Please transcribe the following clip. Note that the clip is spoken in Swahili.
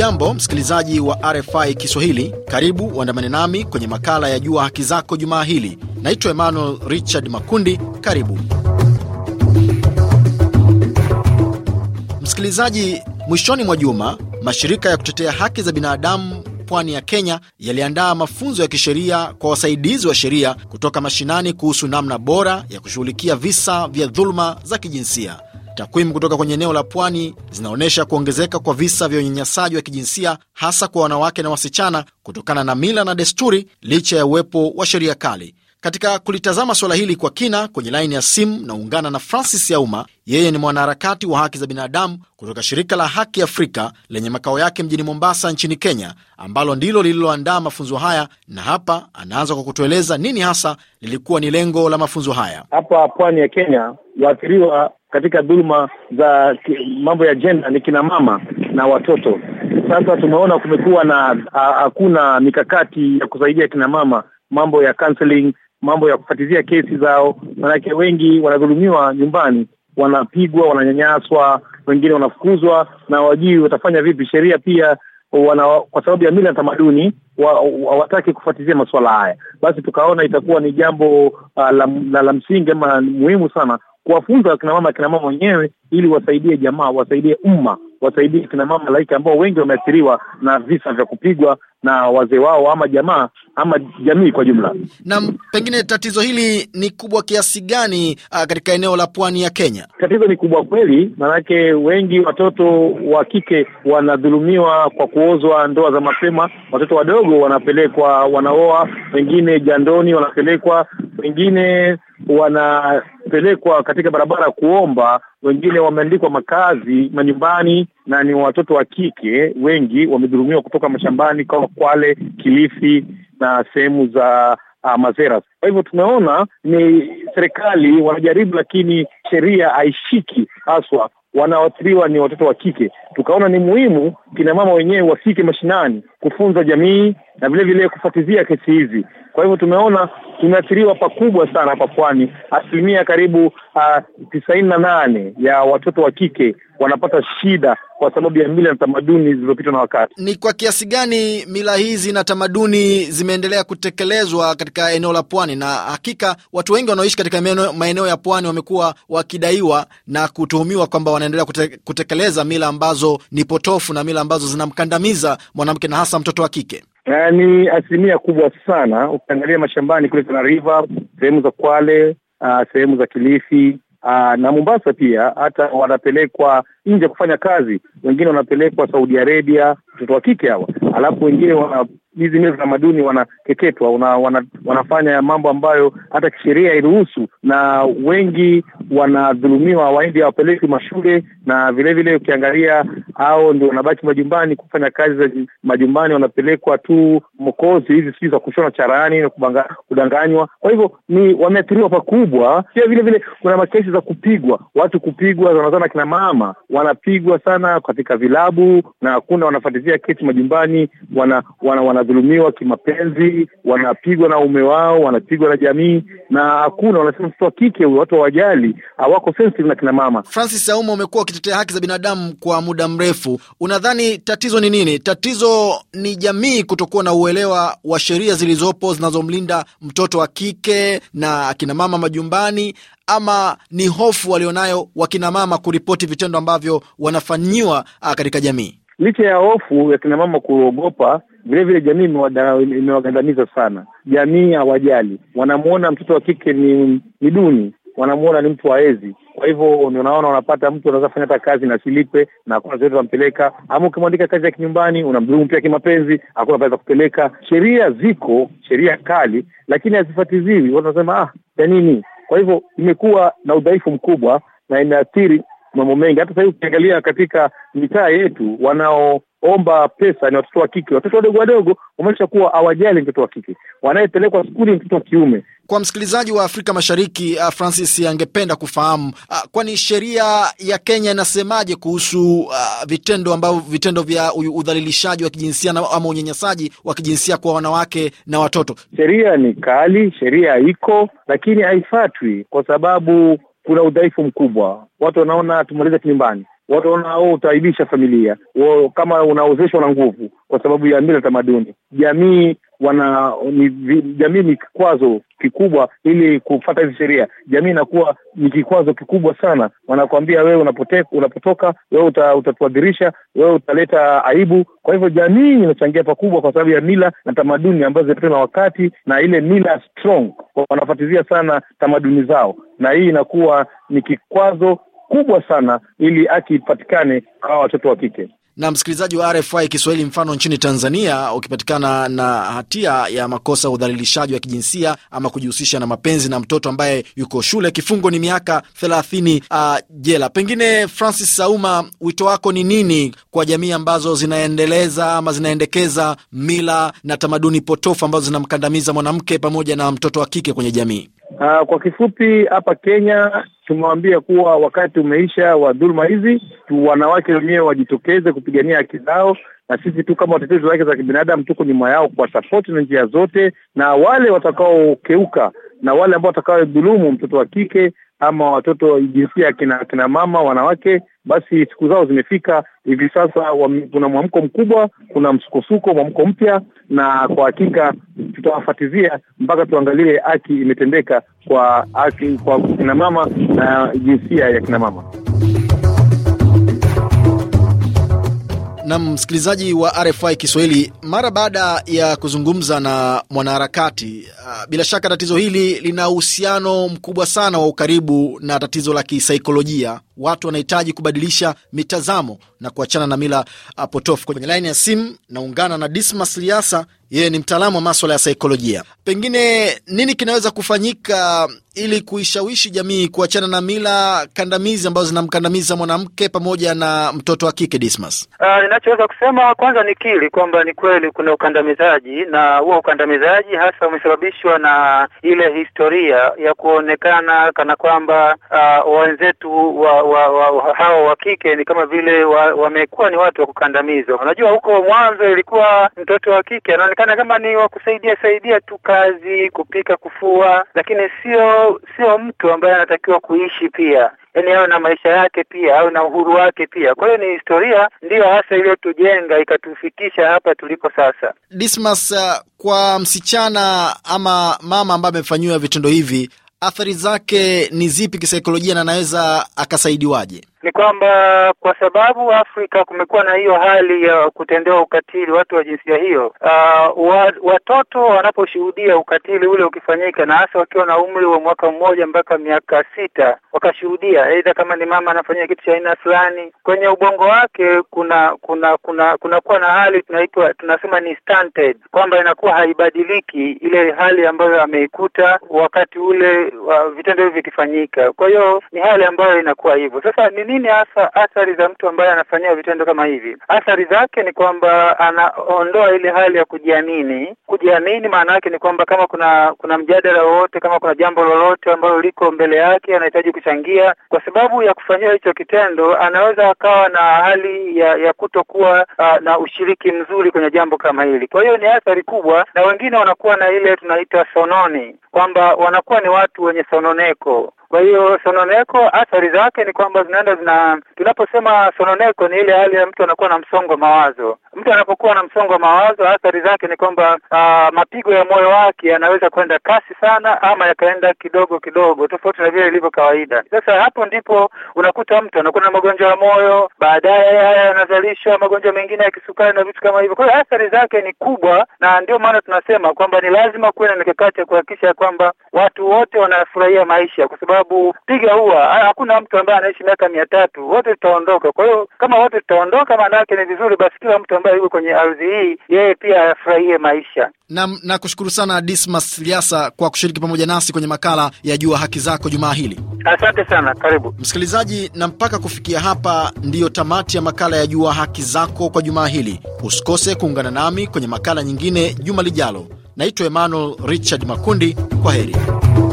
Hujambo msikilizaji wa RFI Kiswahili, karibu uandamane nami kwenye makala ya Jua Haki Zako jumaa hili. Naitwa Emmanuel Richard Makundi. Karibu msikilizaji. Mwishoni mwa juma, mashirika ya kutetea haki za binadamu pwani ya Kenya yaliandaa mafunzo ya kisheria kwa wasaidizi wa sheria kutoka mashinani kuhusu namna bora ya kushughulikia visa vya dhuluma za kijinsia. Takwimu kutoka kwenye eneo la pwani zinaonyesha kuongezeka kwa visa vya unyanyasaji wa kijinsia hasa kwa wanawake na wasichana kutokana na mila na desturi, licha ya uwepo wa sheria kali. Katika kulitazama suala hili kwa kina, kwenye laini ya simu naungana na Francis Yauma. Yeye ni mwanaharakati wa haki za binadamu kutoka shirika la Haki Afrika lenye makao yake mjini Mombasa nchini Kenya, ambalo ndilo lililoandaa mafunzo haya, na hapa anaanza kwa kutueleza nini hasa lilikuwa ni lengo la mafunzo haya. Hapa pwani ya Kenya, waathiriwa katika dhuluma za mambo ya jenda ni kina mama na watoto. Sasa tumeona kumekuwa na hakuna mikakati ya kusaidia kina mama, mambo ya counseling, mambo ya kufatizia kesi zao, manake wengi wanadhulumiwa nyumbani, wanapigwa, wananyanyaswa, wengine wanafukuzwa na wajui watafanya vipi. Sheria pia wana, kwa sababu ya mila na tamaduni hawataki kufuatilia masuala haya. Basi tukaona itakuwa ni jambo uh, la, la, la msingi ama muhimu sana kuwafunza akinamama akinamama wenyewe, ili wasaidie jamaa, wasaidie umma, wasaidie kinamama laiki ambao wengi wameathiriwa na visa vya kupigwa na wazee wao ama jamaa ama jamii kwa jumla. Na pengine tatizo hili ni kubwa kiasi gani ah, katika eneo la pwani ya Kenya? Tatizo ni kubwa kweli, maanake wengi watoto wa kike wanadhulumiwa kwa kuozwa ndoa za mapema. Watoto wadogo wanapelekwa, wanaoa wengine jandoni, wanapelekwa wengine wana kupelekwa katika barabara kuomba, wengine wameandikwa makazi manyumbani, na ni watoto wa kike wengi wamedhurumiwa kutoka mashambani kama Kwale, Kilifi na sehemu za uh, ah, Mazera. Kwa hivyo tumeona ni serikali wanajaribu, lakini sheria haishiki haswa wanaoathiriwa ni watoto wa kike. Tukaona ni muhimu kina mama wenyewe wafike mashinani kufunza jamii na vile vile kufuatilia kesi hizi. Kwa hivyo tumeona tumeathiriwa pakubwa sana hapa Pwani. Asilimia karibu ah, tisaini uh, na nane ya watoto wa kike wanapata shida kwa sababu ya mila na tamaduni zilizopitwa na wakati. Ni kwa kiasi gani mila hizi na tamaduni zimeendelea kutekelezwa katika eneo la Pwani? Na hakika watu wengi wanaoishi katika maeneo ya Pwani wamekuwa wakidaiwa na kutuhumiwa kwamba wanaendelea kute, kutekeleza mila ambazo ni potofu na mila ambazo zinamkandamiza mwanamke na hasa mtoto wa kike? ni asilimia kubwa sana. Ukiangalia mashambani kule Tana River, sehemu za Kwale, uh, sehemu za Kilifi ah, na Mombasa pia hata wanapelekwa nje kufanya kazi, wengine wanapelekwa Saudi Arabia, mtoto wa kike hawa, alafu wengine wana hizi mila tamaduni wanakeketwa, wana, wana, wanafanya mambo ambayo hata kisheria hairuhusu, na wengi wanadhulumiwa, waindi hawapeleki mashule, na vilevile ukiangalia hao ndio wanabaki majumbani kufanya kazi za majumbani, wanapelekwa tu mokozi hizi sijui za kushona charani na kudanganywa. Kwa hivyo ni wameathiriwa pakubwa. Pia vile vile kuna makesi za kupigwa, watu kupigwa, wanazana kina mama wanapigwa sana katika vilabu, na kuna wanafuatilia kesi majumbani, wana, wana wanadhulumiwa kimapenzi, wanapigwa na ume wao, wanapigwa na jamii, na hakuna wanasema mtoto wa kike watu hawajali hawako ah, sensitive na kina mama. Francis Auma, umekuwa ukitetea haki za binadamu kwa muda mrefu, unadhani tatizo ni nini? Tatizo ni jamii kutokuwa na uelewa wa sheria zilizopo zinazomlinda mtoto wa kike na akina mama majumbani, ama ni hofu walionayo wakina mama kuripoti vitendo ambavyo wanafanyiwa ah, katika jamii? Licha ya hofu ya kina mama kuogopa vile vile jamii imewagandamiza sana. Jamii hawajali, wanamwona mtoto wa kike ni, ni duni wanamuona ni mtu aezi. Kwa hivyo unaona, unapata mtu anaweza fanya hata kazi na silipe na hakuna zote tampeleka, ama ukimwandika kazi ya kinyumbani unamdhulumu pia kimapenzi, hakuna pesa za kupeleka. Sheria ziko, sheria kali, lakini hazifuatiliwi. Watu wanasema ah, ya nini? Kwa hivyo imekuwa na udhaifu mkubwa na inaathiri mambo mengi. Hata sasa ukiangalia katika mitaa yetu, wanao omba pesa ni watoto wa kike, watoto wadogo wadogo, wamaanisha kuwa hawajali mtoto wa kike, wanayepelekwa skuli mtoto wa kiume. Kwa msikilizaji wa Afrika Mashariki, uh, Francis angependa kufahamu uh, kwani sheria ya Kenya inasemaje kuhusu uh, vitendo ambavyo vitendo vya udhalilishaji wa kijinsia na, ama unyanyasaji wa kijinsia kwa wanawake na watoto. Sheria ni kali, sheria iko lakini haifatwi kwa sababu kuna udhaifu mkubwa. Watu wanaona tumaliza kinyumbani, watu utaaibisha familia wao, kama unaozeshwa na nguvu kwa sababu ya mila tamaduni, jamii wana ni, jamii ni kikwazo kikubwa ili kufata hizi sheria. Jamii inakuwa ni kikwazo kikubwa sana, wanakuambia wewe unapotoka wewe uta, utatuadhirisha wewe utaleta aibu. Kwa hivyo jamii inachangia pakubwa kwa sababu ya mila na tamaduni ambazo zimepitwa na wakati na ile mila strong, sana tamaduni zao, na hii inakuwa ni kikwazo kubwa sana ili haki ipatikane kwa watoto wa kike na msikilizaji wa RFI Kiswahili, mfano nchini Tanzania, ukipatikana na hatia ya makosa ya udhalilishaji wa kijinsia ama kujihusisha na mapenzi na mtoto ambaye yuko shule, kifungo ni miaka thelathini uh, jela. Pengine Francis Sauma, wito wako ni nini kwa jamii ambazo zinaendeleza ama zinaendekeza mila na tamaduni potofu ambazo zinamkandamiza mwanamke pamoja na mtoto wa kike kwenye jamii? Uh, kwa kifupi hapa Kenya tumewaambia kuwa wakati umeisha wa dhuluma hizi, wanawake wenyewe wajitokeze kupigania haki zao, na sisi tu kama watetezi wa haki za kibinadamu tuko nyuma yao kwa support na njia zote, na wale watakaokeuka na wale ambao watakaodhulumu mtoto wa kike ama watoto wa jinsia ya kina, kina mama wanawake, basi siku zao zimefika. Hivi sasa kuna mwamko mkubwa, kuna msukosuko, mwamko mpya, na kwa hakika tutawafatizia mpaka tuangalie haki imetendeka kwa haki kwa kina mama na jinsia ya kina mama. Na msikilizaji wa RFI Kiswahili, mara baada ya kuzungumza na mwanaharakati uh, bila shaka tatizo hili lina uhusiano mkubwa sana wa ukaribu na tatizo la kisaikolojia. Watu wanahitaji kubadilisha mitazamo na kuachana na mila uh, potofu. Kwenye laini ya simu naungana na Dismas Liasa, yeye ni mtaalamu wa maswala ya saikolojia. Pengine nini kinaweza kufanyika ili kuishawishi jamii kuachana na mila kandamizi ambazo zinamkandamiza mwanamke pamoja na mtoto wa kike Dismas? Uh, ninachoweza kusema kwanza ni kili kwamba ni kweli kweli kuna ukandamizaji, na huo ukandamizaji hasa umesababishwa na ile historia ya kuonekana kana kwamba uh, wenzetu wa, wa, wa, wa, hawa wa kike ni kama vile wamekuwa wa ni watu wa kukandamizwa. Unajua, huko mwanzo ilikuwa mtoto wa kike anaonekana kama ni wa kusaidia saidia tu kazi, kupika, kufua, lakini sio sio mtu ambaye anatakiwa kuishi pia yaani awe na maisha yake pia, awe na uhuru wake pia. Kwa hiyo ni historia ndiyo hasa iliyotujenga ikatufikisha hapa tulipo sasa. Dismas, uh, kwa msichana ama mama ambaye amefanyiwa vitendo hivi, athari zake ni zipi kisaikolojia na anaweza akasaidiwaje? ni kwamba kwa sababu Afrika kumekuwa na hiyo hali ya kutendewa ukatili watu wa jinsia hiyo, uh, watoto wanaposhuhudia ukatili ule ukifanyika, na hasa wakiwa na umri wa mwaka mmoja mpaka miaka sita, wakashuhudia aidha kama ni mama anafanyia kitu cha aina fulani, kwenye ubongo wake kuna kuna kuna kunakuwa na hali tunaitwa tunasema ni stunted, kwamba inakuwa haibadiliki ile hali ambayo ameikuta wakati ule wa uh, vitendo hivi vikifanyika. Kwa hiyo ni hali ambayo inakuwa hivyo. Sasa ni nini hasa athari za mtu ambaye anafanyiwa vitendo kama hivi? Athari zake ni kwamba anaondoa ile hali ya kujiamini. Kujiamini maana yake ni kwamba kama kuna kuna mjadala wowote, kama kuna jambo lolote ambalo liko mbele yake, anahitaji kuchangia, kwa sababu ya kufanyiwa hicho kitendo, anaweza akawa na hali ya, ya kutokuwa uh, na ushiriki mzuri kwenye jambo kama hili. Kwa hiyo ni athari kubwa, na wengine wanakuwa na ile tunaita sononi, kwamba wanakuwa ni watu wenye sononeko kwa hiyo sononeko athari zake ni kwamba zinaenda zina, tunaposema sononeko ni ile hali ya mtu anakuwa na msongo wa mawazo. Mtu anapokuwa na msongo wa mawazo, athari zake ni kwamba ah, mapigo ya moyo wake yanaweza kwenda kasi sana ama yakaenda kidogo kidogo, tofauti na vile ilivyo kawaida. Sasa hapo ndipo unakuta mtu anakuwa na magonjwa ya moyo, baadaye haya yanazalishwa magonjwa mengine ya kisukari na vitu kama hivyo. Kwa hiyo athari zake ni kubwa, na ndio maana tunasema kwamba ni lazima kuwe na mikakati ya kuhakikisha kwamba watu wote wanafurahia maisha kwa sababu sababu piga huwa hakuna mtu ambaye anaishi miaka mia tatu, wote tutaondoka. Kwa hiyo kama wote tutaondoka, maana yake ni vizuri basi kila mtu ambaye yuko kwenye ardhi hii yeye pia afurahie maisha. Nam, nakushukuru sana Dismas Liasa kwa kushiriki pamoja nasi kwenye makala ya Jua Haki Zako jumaa hili. Asante sana, karibu msikilizaji. Na mpaka kufikia hapa ndiyo tamati ya makala ya Jua Haki Zako kwa jumaa hili. Usikose kuungana nami kwenye makala nyingine juma lijalo. Naitwa Emmanuel Richard Makundi. Kwa heri.